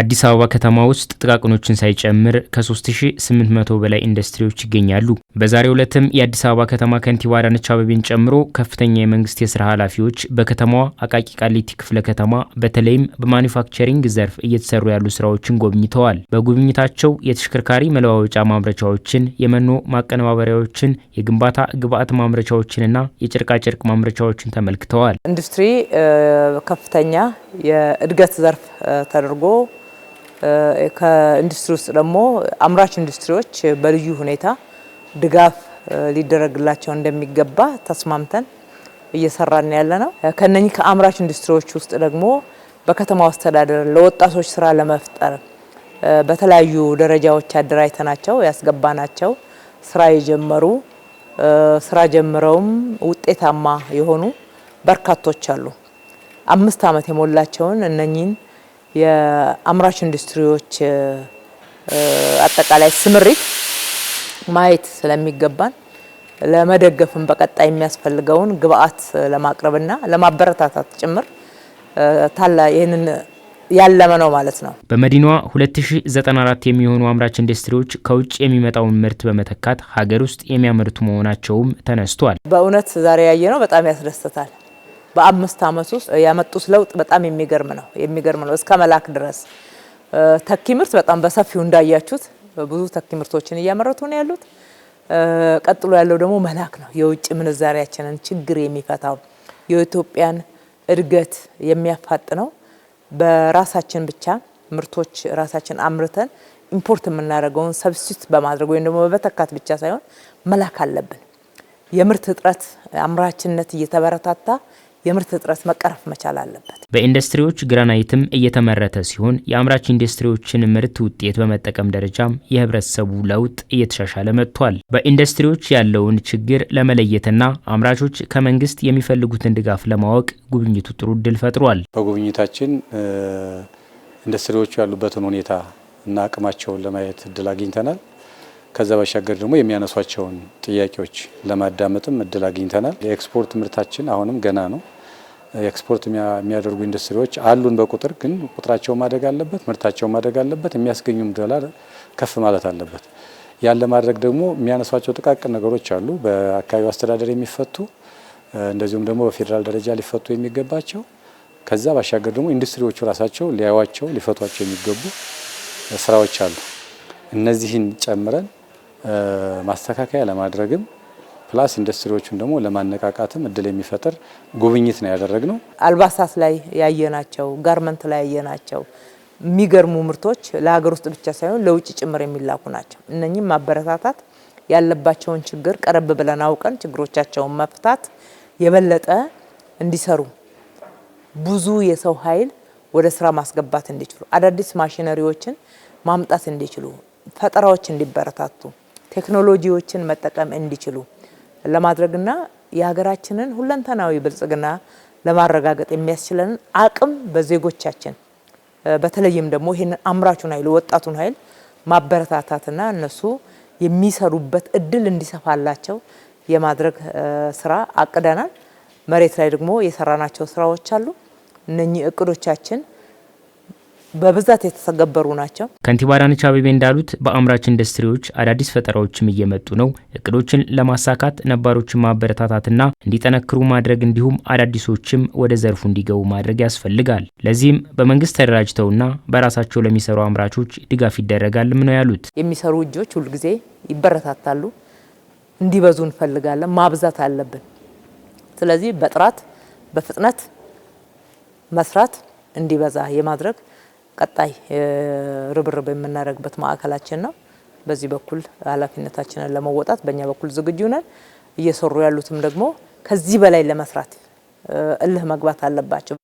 አዲስ አበባ ከተማ ውስጥ ጥቃቅኖችን ሳይጨምር ከ3800 በላይ ኢንዱስትሪዎች ይገኛሉ። በዛሬው ዕለትም የአዲስ አበባ ከተማ ከንቲባ አዳነች አበቤን ጨምሮ ከፍተኛ የመንግስት የስራ ኃላፊዎች በከተማዋ አቃቂ ቃሊቲ ክፍለ ከተማ በተለይም በማኒፋክቸሪንግ ዘርፍ እየተሰሩ ያሉ ስራዎችን ጎብኝተዋል። በጉብኝታቸው የተሽከርካሪ መለዋወጫ ማምረቻዎችን፣ የመኖ ማቀነባበሪያዎችን፣ የግንባታ ግብአት ማምረቻዎችንና የጨርቃጨርቅ ማምረቻዎችን ተመልክተዋል። ኢንዱስትሪ ከፍተኛ የእድገት ዘርፍ ተደርጎ ከኢንዱስትሪ ውስጥ ደግሞ አምራች ኢንዱስትሪዎች በልዩ ሁኔታ ድጋፍ ሊደረግላቸው እንደሚገባ ተስማምተን እየሰራን ያለ ነው። ከነኚህ ከአምራች ኢንዱስትሪዎች ውስጥ ደግሞ በከተማው አስተዳደር ለወጣቶች ስራ ለመፍጠር በተለያዩ ደረጃዎች አደራጅተናቸው ያስገባናቸው ስራ የጀመሩ ስራ ጀምረውም ውጤታማ የሆኑ በርካቶች አሉ። አምስት ዓመት የሞላቸውን እነኚህን የአምራች ኢንዱስትሪዎች አጠቃላይ ስምሪት ማየት ስለሚገባን ለመደገፍም በቀጣይ የሚያስፈልገውን ግብአት ለማቅረብና ለማበረታታት ጭምር ታላ ይህንን ያለመ ነው ማለት ነው። በመዲናዋ 2094 የሚሆኑ አምራች ኢንዱስትሪዎች ከውጭ የሚመጣውን ምርት በመተካት ሀገር ውስጥ የሚያመርቱ መሆናቸውም ተነስቷል። በእውነት ዛሬ ያየ ነው በጣም ያስደስታል። በአምስት ዓመት ውስጥ ያመጡት ለውጥ በጣም የሚገርም ነው የሚገርም ነው እስከ መላክ ድረስ ተኪ ምርት በጣም በሰፊው እንዳያችሁት ብዙ ተኪ ምርቶችን እያመረቱ ነው ያሉት። ቀጥሎ ያለው ደግሞ መላክ ነው። የውጭ ምንዛሪያችንን ችግር የሚፈታው የኢትዮጵያን እድገት የሚያፋጥነው በራሳችን ብቻ ምርቶች ራሳችን አምርተን ኢምፖርት የምናደርገውን ሰብስቲት በማድረግ ወይም ደግሞ በመተካት ብቻ ሳይሆን መላክ አለብን። የምርት እጥረት አምራችነት እየተበረታታ የምርት እጥረት መቀረፍ መቻል አለበት። በኢንዱስትሪዎች ግራናይትም እየተመረተ ሲሆን የአምራች ኢንዱስትሪዎችን ምርት ውጤት በመጠቀም ደረጃም የህብረተሰቡ ለውጥ እየተሻሻለ መጥቷል። በኢንዱስትሪዎች ያለውን ችግር ለመለየትና አምራቾች ከመንግስት የሚፈልጉትን ድጋፍ ለማወቅ ጉብኝቱ ጥሩ እድል ፈጥሯል። በጉብኝታችን ኢንዱስትሪዎቹ ያሉበትን ሁኔታ እና አቅማቸውን ለማየት እድል አግኝተናል። ከዛ ባሻገር ደግሞ የሚያነሷቸውን ጥያቄዎች ለማዳመጥም እድል አግኝተናል። የኤክስፖርት ምርታችን አሁንም ገና ነው። ኤክስፖርት የሚያደርጉ ኢንዱስትሪዎች አሉን በቁጥር ግን ቁጥራቸው ማደግ አለበት፣ ምርታቸው ማደግ አለበት፣ የሚያስገኙም ዶላር ከፍ ማለት አለበት። ያን ለማድረግ ደግሞ የሚያነሷቸው ጥቃቅን ነገሮች አሉ፣ በአካባቢው አስተዳደር የሚፈቱ እንደዚሁም ደግሞ በፌዴራል ደረጃ ሊፈቱ የሚገባቸው ከዛ ባሻገር ደግሞ ኢንዱስትሪዎቹ ራሳቸው ሊያዩዋቸው ሊፈቷቸው የሚገቡ ስራዎች አሉ። እነዚህን ጨምረን ማስተካከያ ለማድረግም ፕላስ ኢንዱስትሪዎቹን ደግሞ ለማነቃቃትም እድል የሚፈጥር ጉብኝት ነው ያደረግነው። አልባሳት ላይ ያየናቸው፣ ጋርመንት ላይ ያየናቸው የሚገርሙ ምርቶች ለሀገር ውስጥ ብቻ ሳይሆን ለውጭ ጭምር የሚላኩ ናቸው። እነኚህም ማበረታታት ያለባቸውን ችግር ቀረብ ብለን አውቀን ችግሮቻቸውን መፍታት የበለጠ እንዲሰሩ ብዙ የሰው ኃይል ወደ ስራ ማስገባት እንዲችሉ አዳዲስ ማሽነሪዎችን ማምጣት እንዲችሉ ፈጠራዎች እንዲበረታቱ ቴክኖሎጂዎችን መጠቀም እንዲችሉ ለማድረግና የሀገራችንን ሁለንተናዊ ብልጽግና ለማረጋገጥ የሚያስችለንን አቅም በዜጎቻችን በተለይም ደግሞ ይህንን አምራቹን ኃይል ወጣቱን ኃይል ማበረታታትና እነሱ የሚሰሩበት እድል እንዲሰፋላቸው የማድረግ ስራ አቅደናል። መሬት ላይ ደግሞ የሰራናቸው ስራዎች አሉ። እነኚህ እቅዶቻችን በብዛት የተተገበሩ ናቸው። ከንቲባ አዳነች አቤቤ እንዳሉት በአምራች ኢንዱስትሪዎች አዳዲስ ፈጠራዎችም እየመጡ ነው። እቅዶችን ለማሳካት ነባሮችን ማበረታታትና እንዲጠነክሩ ማድረግ እንዲሁም አዳዲሶችም ወደ ዘርፉ እንዲገቡ ማድረግ ያስፈልጋል። ለዚህም በመንግስት ተደራጅተውና በራሳቸው ለሚሰሩ አምራቾች ድጋፍ ይደረጋልም ነው ያሉት። የሚሰሩ እጆች ሁልጊዜ ይበረታታሉ። እንዲበዙ እንፈልጋለን። ማብዛት አለብን። ስለዚህ በጥራት በፍጥነት መስራት እንዲበዛ የማድረግ ቀጣይ ርብርብ የምናደርግበት ማዕከላችን ነው። በዚህ በኩል ኃላፊነታችንን ለመወጣት በእኛ በኩል ዝግጁ ነን። እየሰሩ ያሉትም ደግሞ ከዚህ በላይ ለመስራት እልህ መግባት አለባቸው።